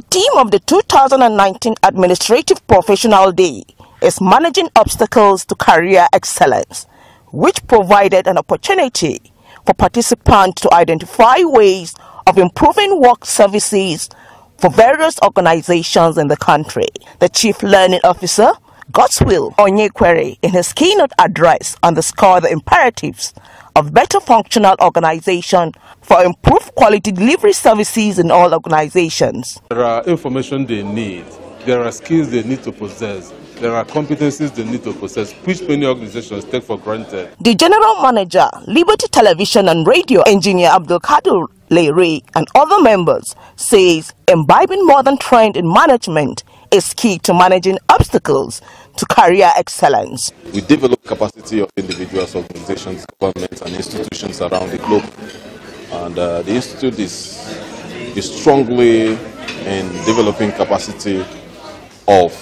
The theme of the 2019 Administrative Professional Day is Managing Obstacles to Career Excellence, which provided an opportunity for participants to identify ways of improving work services for various organizations in the country. The Chief Learning Officer God's will, query in his keynote address, underscored the imperatives of better functional organization for improved quality delivery services in all organizations. There are information they need, there are skills they need to possess, there are competencies they need to possess, which many organizations take for granted. The general manager, Liberty Television and Radio engineer Abdul Kadir Leray and other members says imbibing modern trend in management is key to managing obstacles to career excellence. We develop capacity of individuals, organizations, governments and institutions around the globe. And uh, the Institute is, is strongly in developing capacity of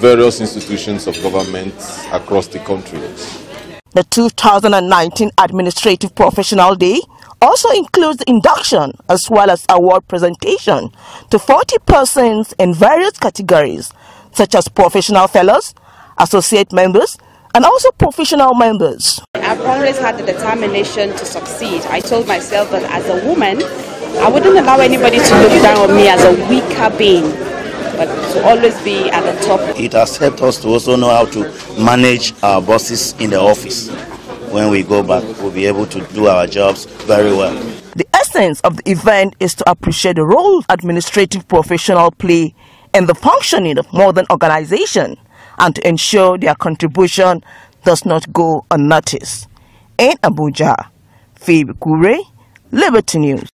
various institutions of governments across the country. The 2019 Administrative Professional Day also includes induction as well as award presentation to 40 persons in various categories such as professional fellows, associate members, and also professional members. I've always had the determination to succeed. I told myself that as a woman, I wouldn't allow anybody to look down on me as a weaker being, but to always be at the top. It has helped us to also know how to manage our bosses in the office when we go back, we'll be able to do our jobs very well. The essence of the event is to appreciate the role administrative professional play in the functioning of modern organization and to ensure their contribution does not go unnoticed. In Abuja, Phoebe Kure, Liberty News.